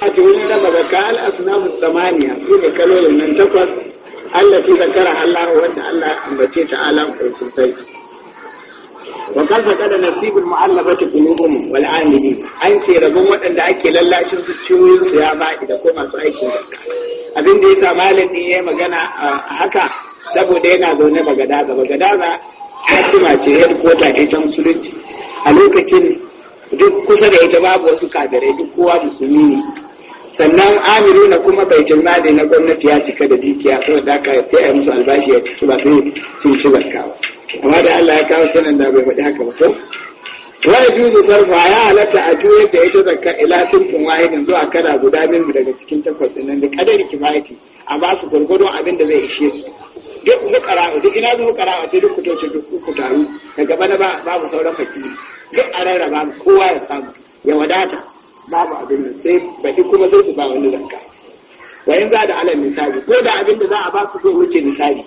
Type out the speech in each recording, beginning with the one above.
a cikin raba ka al asnamu samaniya su ne kalolin nan takwas Allah ki zakara Allah wanda Allah ambace ta alam sosai wa kan kada nasibul mu'allafati qulubuhum wal amili an ce rabon waɗanda ake lallashin su ciwoyin su ya baɗi da ko masu aikin abin da ya sa malam ne yayi magana haka saboda yana zaune bagadaza ga kasima ce ya kota ta musulunci a lokacin duk kusa da ita babu wasu kafirai duk kowa musulmi ne sannan amiru na kuma bai mali na gwamnati ya cika da dukiya saboda ka sai a musu albashi ya cika ba sai sun ci barkawa amma da Allah ya kawo sanan da bai faɗi haka ba ko wani juzu sarfa ya halatta a juya da ita zakka ila sinfin wahidin zuwa kada guda min daga cikin takwas din nan da kadari kifayati a ba su gurgurdon abin da zai ishe su duk mukara'u duk ina zuwa mukara'u ce duk kutoci duk ku taru daga bana babu sauran fakiri duk a rarraba mu kowa ya samu ya wadata babu abin da, sai baki kuma zai ba wani zakka wayan za da alal misali ko da abin da za a ba su zai wuce misali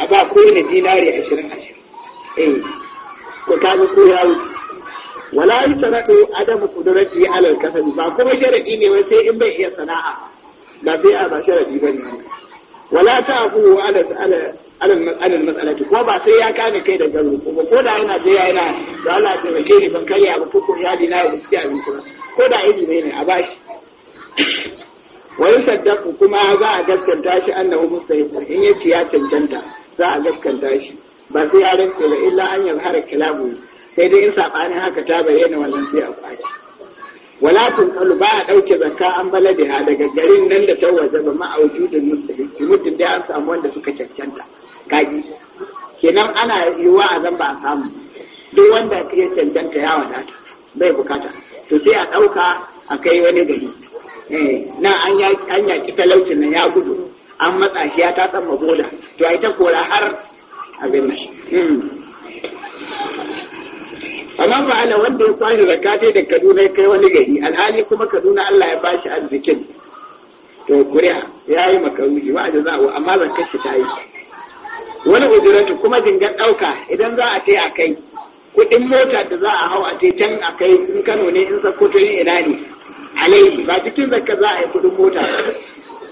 a ba kowane dinari ashirin ashirin ko eh, ta ga ko ya wuce wala yi sanadu adamu kudurati alal kasabi ba kuma sharadi ne wai sai in bai iya sana'a ba sai a ba sharadi ba ne wala ta abu ala ala alal mas'alati ko ba sai ya kame kai da garo ko ko da yana je yana da Allah ya taimake ni ban karya ba ko ko ya dina ya abinci ba ko da iri ne a bashi wani saddaku kuma za a gaskanta shi annahu mustahibun in yace ya cancanta za a gaskanta shi ba sai ya ba illa an yazhara kalamu sai dai in sabanin haka ta bayyana wannan sai a kwaci wala tunqalu ba a dauke zakka an baladiha daga garin nan da ta waje ba ma aujudin mutum da an samu wanda suka cancanta kaji kenan ana yiwuwa a zan ba a samu duk wanda ya cancanta ya wadata bai bukata to sai a ɗauka a kai wani gari eh, na an yaƙi talaucin nan ya gudu an matsa shi ya tatsan magoda to a ta kora har abin nan hmm. amma ba ala wanda ya kwashe zakati da kaduna ya kai wani gari alhali kuma kaduna allah ya bashi arzikin to kuriya ya yi makaruhi ba a amma zakar shi ta yi wani ujiratu kuma dingan ɗauka idan za a ce a kai kuɗin mota da za a hau a ce can a kai in kano ne in sakkoto in ina ne alaihi ba cikin zakka za a yi kuɗin mota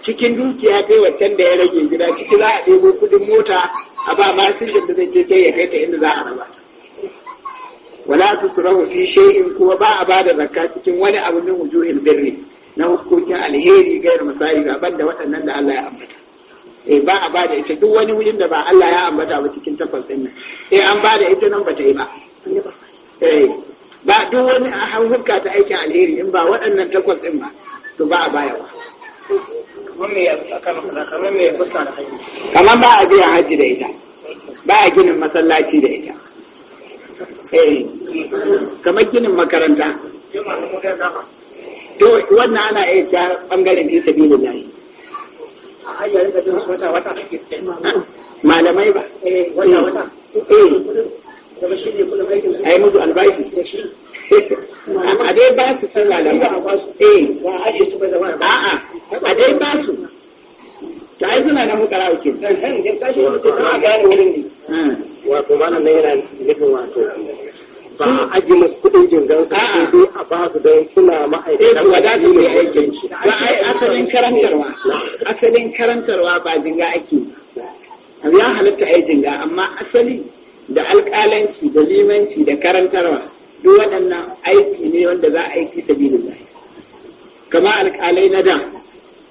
cikin dukiya kai da ya rage gida ciki za a ɗebo kuɗin mota a ba masinjin da zai je kai ya kai ta inda za a raba wala rahu fi shay'in kuma ba a bada zakka cikin wani abu min wujuhil birri na hukokin alheri gairu misali ga banda waɗannan da Allah ya ambata eh ba a bada ita duk wani wurin da ba Allah ya ambata ba cikin takwas din nan eh an bada ita nan ba ta yi ba eh ba duk wani a hankuka ta aikin alheri in ba waɗannan takwas din ba to ba a bayarwa kamar ba a biyan hajji da ita ba a ginin masallaci da ita eh kamar ginin makaranta to wannan ana iya ta bangaren fi sabilillahi malamai ba wata eh. wata a yi musu albashi a dai ba su san malamai eh. a'a a dai ba su ta ai suna nan mukara uke wato malam yana nufin wato sun aji musu kuɗin jingan su sai dai a ba su don suna ma'aikatan wadatu ne aikin ba ai asalin karantarwa asalin karantarwa ba jinga ake ya halitta ai jinga amma asali da alƙalanci da limanci da karantarwa duk waɗannan aiki ne wanda za a yi fi sabilillahi Kamar alƙalai na da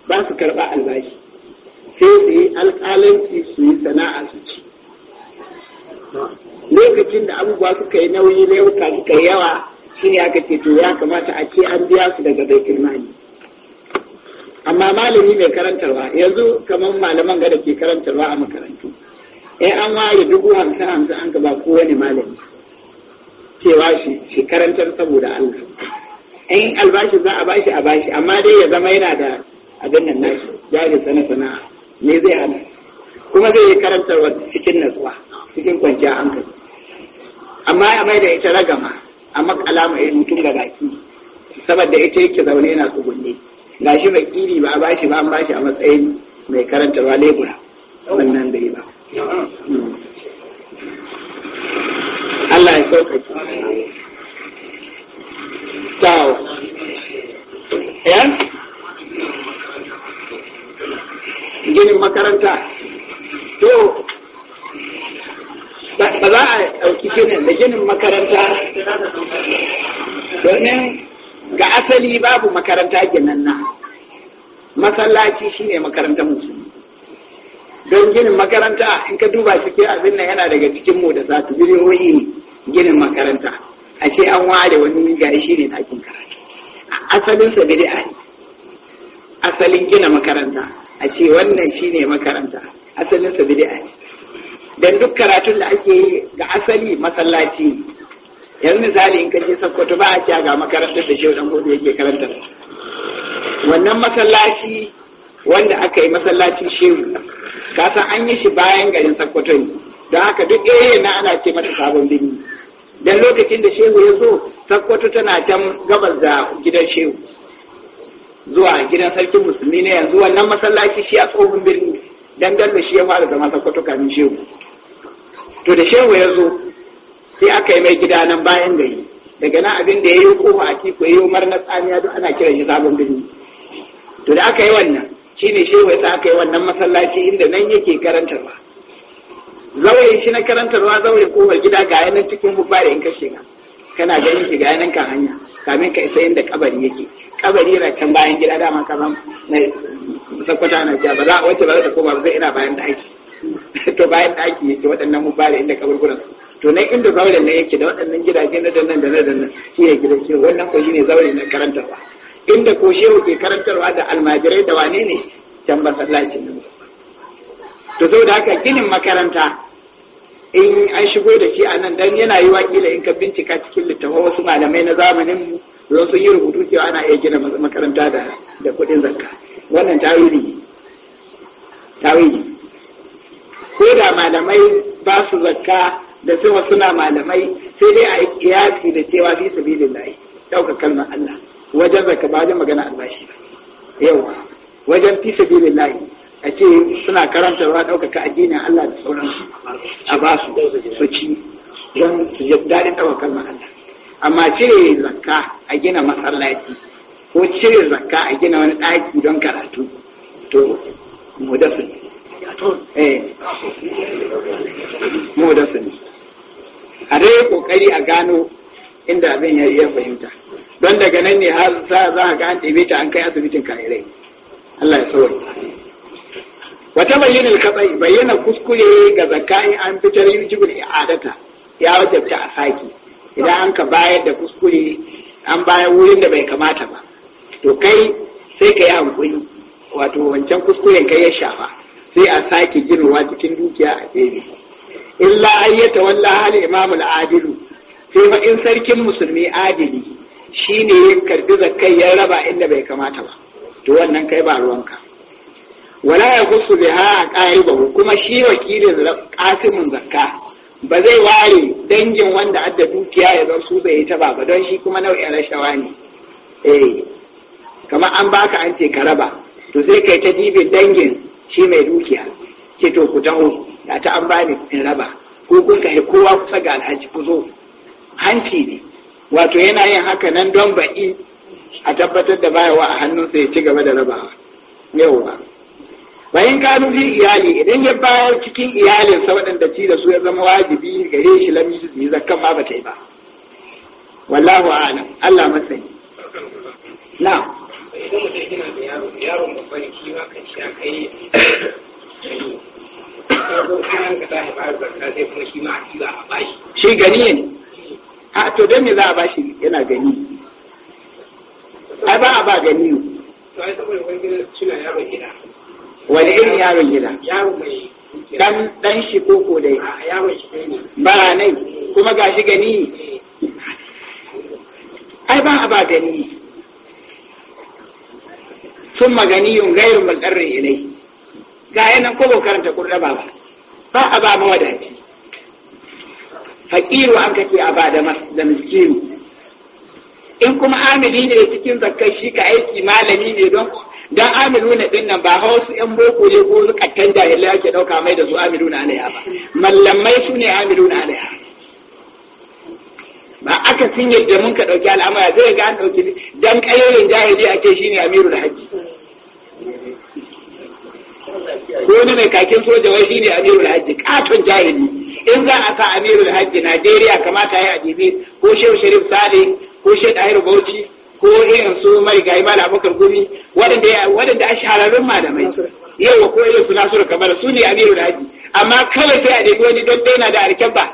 ba su karɓa albashi sai su yi alƙalanci su yi sana'a su ci lokacin da abubuwa suka yi nauyi laifuka suka yi yawa shine aka ce to ya kamata a ce an biya su daga baitul mali amma malami mai karantarwa yanzu kamar malaman gada ke karantarwa a makarantu eh an ware dubu hamsin hamsin an gaba kowane malami cewa shi shi karantar saboda Allah in albashi za a bashi a bashi amma dai ya zama yana da abin nan nashi jari sana sana'a me zai hana kuma zai yi karantarwa cikin natsuwa cikin kwanciya hankali amma ya mai da ita ragama amma alama ya mutum ga gaki saboda ita yake zaune yana tsugunne shi mai kiri ba a bashi ba an bashi a matsayin mai karanta karantarwa lebura wannan bai ba Allah ya sauƙaƙe tawo ya ginin makaranta ginin makaranta domin ga asali babu makaranta ginanna masallaci shine makarantar musulmi don ginin makaranta in ka duba cikin abin nan yana daga cikin mu da za ta biliyoyi ne ginin makaranta a ce an ware wani gari shi ne ɗakin karatu asalin sa bi ne asalin gina makaranta a ce wannan shine makaranta asalin sa bi ne don duk karatun da ake yi ga asali masallaci yanzu misali in kaje sakkwato ba a kya ga makarantar da shehu dan gobe yake karantar wannan masallaci wanda aka yi masallacin shehu kasan an yi shi bayan garin sakkwato ne don haka duk area eh, na ana ce mata sabon birni dan lokacin da shehu ya zo sakkwato tana can gabas da gidan shehu zuwa gidan sarkin musulmi na yanzu wannan masallaci shi a tsohon birni dan da shi ya fara zama sakkwato kamin shehu to da shehu ya zo sai aka yi mai gida nan bayan gari daga nan abin da ya yi kofa a tiko ya yi umar na tsamiya duk ana kiran shi sabon birni to da aka yi wannan shine shehu ya aka yi wannan masallaci inda nan yake karantarwa zaure shi na karantarwa zaure kofar gida ga yanan cikin bubare in ka shiga kana ganin shi ga yanan kan hanya kamin ka isa inda kabari yake kabari yana can bayan gida dama kaman na sakwata na ba za a wace ba za ta koma ba sai ina bayan da ake to bayan ɗaki yake waɗannan mubare inda kaburburan to na inda zauren na yake da waɗannan gidaje na dannan da na dannan shi ne gida shi wannan ko shi ne zaure na karantarwa inda ko shehu ke karantarwa da almajirai da wane ne can masallacin nan to saboda haka ginin makaranta in an shigo da shi a nan dan yana yi wakila in ka bincika cikin littafa wasu malamai na zamanin mu don sun yi rubutu cewa ana iya gina makaranta da kuɗin zakka wannan tawili tawili malamai ba su zakka da cewa suna malamai sai dai a kiyasi da cewa fi sabilillahi ɗauka kalmar Allah wajen zakka ba wajen magana Allah ba yawa wajen fi sabilillahi a ce suna karanta dauka ɗaukaka addinin Allah da sauransu a ba su su don su ji daɗin dauka kalmar Allah amma cire zakka a gina masallaci ko cire zakka a gina wani ɗaki don karatu to mu da su Eh. mu da ne a dai kokari a gano inda abin ya iya fahimta don daga nan ne har za a ga an ta an kai asibitin kayarai Allah ya sauwa wata bayyana katsai bayyana kuskure ga zakani an fitar yujibul i'adata ya wajabta a saki idan an ka bayar da kuskure an bayar wurin da bai kamata ba to kai sai ka yi hankuri wato wancan kuskuren kai ya shafa sai a sake ginowa cikin dukiya a ɗebe illa ayyata walla Imam al adilu sai ma in sarkin musulmi adili shine ya karbi zakai ya raba inda bai kamata ba to wannan kai ba ruwanka wala ya kusu biha a ba, kuma shi wakilin katimin zakka ba zai ware dangin wanda adda dukiya ya zan su bai ta ba don shi kuma nau'in rashawa ne eh kamar an baka an ce ka raba to zai kai ta dibin dangin shi mai dukiya ke to ku taho da ta an bani in raba ko kun kai kowa kusa ga alhaji ku zo hanci ne wato yana yin haka nan don baki a tabbatar da bayawa a hannunsa ya ci gaba da rabawa yauwa bayan kanu fi iyali idan ya bayar cikin iyalinsa waɗanda ci da su ya zama wajibi gare shi lam yi zakkan ba ba ta yi ba wallahu a'lam Allah masani na'am idan mutum ya da yaro yaron shi ma kan shi a kai shi gani ne a to don me za a bashi yana gani ai ba a ba gani ne wani irin yaron gida dan dan shi koko dai ba nai kuma ga gani eh. ai ba a ba gani sun maganiyun gairun makarrin ilai ga yanan ko ba karanta kurraba ba ba a ba mawadaci haƙiru an kake a ba da miskiru in kuma amili ne cikin zakkai shi ka aiki malami ne don don amilu na din nan ba wasu yan boko ne ko su kattan jahilai ake ɗauka mai da su amilu na alaiha ba mallamai su ne amilu na alaiha ba aka sun yadda mun ka ɗauki al'amura zai ga an ɗauki dan ƙayoyin jahili ake shi ne amiru da haji wani mai kakin soja wai shine amirul hajji katon jahili in za a sa amirul hajji najeriya kamata ya adibi ko shehu sharif sale ko shehu dahiru bauchi ko irin su mai gayi malamukan gumi waɗanda a shahararrun malamai yau wa irin su da kamar su ne amirul hajji amma kawai sai a ɗebi wani don daina da ba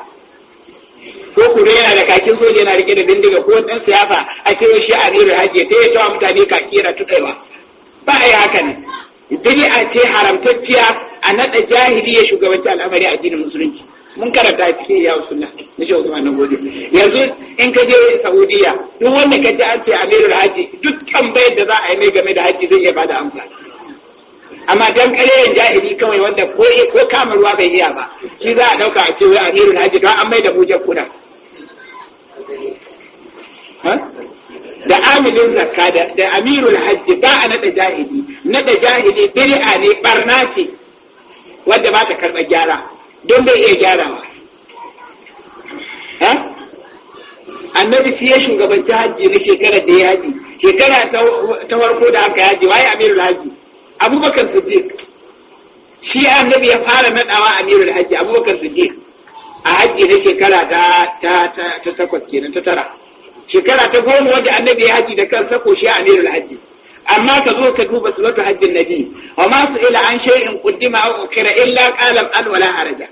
ko kuma yana da kakin soja yana rike da bindiga ko ɗan siyasa a cewa shi amirul hajji ta yi mutane kaki yana tukaiwa ba a yi haka ne bid'a ce haramtacciya a naɗa jahili ya shugabanci al'amari a addinin musulunci mun karanta a cikin yawon suna, na shi Usman na gode yanzu in ka je Saudiya duk wanda ka ji an ce Amirul Haji duk tambayar da za a yi mai game da haji zai iya bada amsa amma dan jahili kawai wanda ko ko kama ruwa bai iya ba shi za a ɗauka a ce wai Amirul Haji don an mai da mujar kuna. da aminin zakka da amirul hajji ba a naɗa jahili naɗa jahili bid'a ne barna ce wanda ba ta karɓar gyara don bai iya gyarawa annabi shi ya shugabanci hajji na shekarar da ya haji shekara ta farko da aka yaji waye amirul hajji abubakar siddiq shi annabi ya fara nadawa amirul hajji abubakar siddiq a hajji na shekara ta takwas kenan ta tara shekara ta goma wadda annabi ya haji da kan sako shi amirul haji amma ka zo ka duba sunatu hajjin nabi wa ma su ila an shay'in quddima aw ukira illa qala alwala wala haraja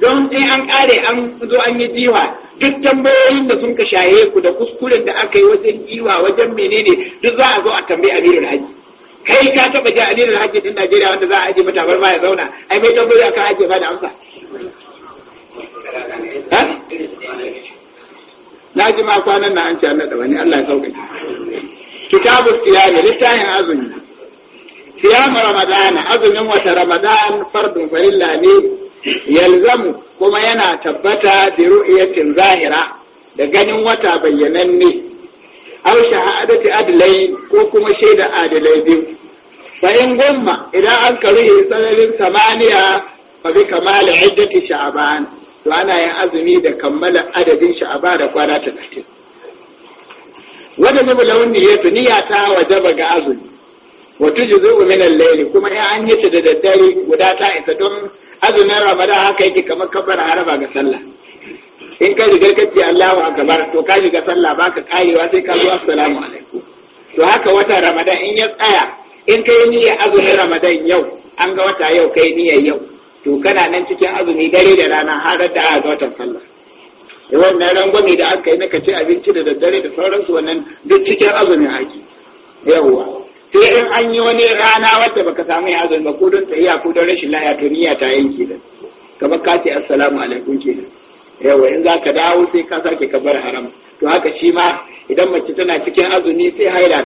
don sai an kare an zo an yi jiwa duk tambayoyin da sun ka shaye ku da kuskuren da aka yi wajen jiwa wajen menene duk za a zo a tambayi amirul haji kai ka taba ji amirul haji din Najeriya wanda za a aje mata barba ya zauna ai mai tambayoyi aka aje ba da amsa na ji ma kwanan na an ci annada wani Allah ya sauƙaƙe kitabu siyami littafin azumi siyamu ramadan azumin wata ramadan fardun farilla ne yalzamu kuma yana tabbata da ru'iyatin zahira da ganin wata bayyananne aw shahadati adlai ko kuma shaida adalai biyu fa in gumma idan an karuhi sanarin samaniya fa bi kamal iddati sha'ban to ana yin azumi da kammala adadin sha'aba da kwana talatin wata launin launi ya niyya ta wajaba ga azumi wata juzu min al kuma in an yace da daddare guda ta isa don azumin ramadan haka yake kamar kafara haraba ga sallah in ka riga ka ce Allahu akbar to ka shiga sallah baka karewa sai ka zo assalamu alaikum to haka wata ramadan in ya tsaya in kai niyyar azumin ramadan yau an ga wata yau kai niyyar yau to kana nan cikin azumi dare da rana har da aka ga watan sallah wannan rangwame da aka yi na kace abinci da daddare da sauransu wannan duk cikin azumin haki yawwa sai in an yi wani rana wadda baka samu azumi ba ko don ta ko don rashin lafiya to niyya ta yanke da Kama ka ce assalamu alaikum da yawa in za ka dawo sai ka sake ka bar haram to haka shi ma idan mace tana cikin azumi sai haila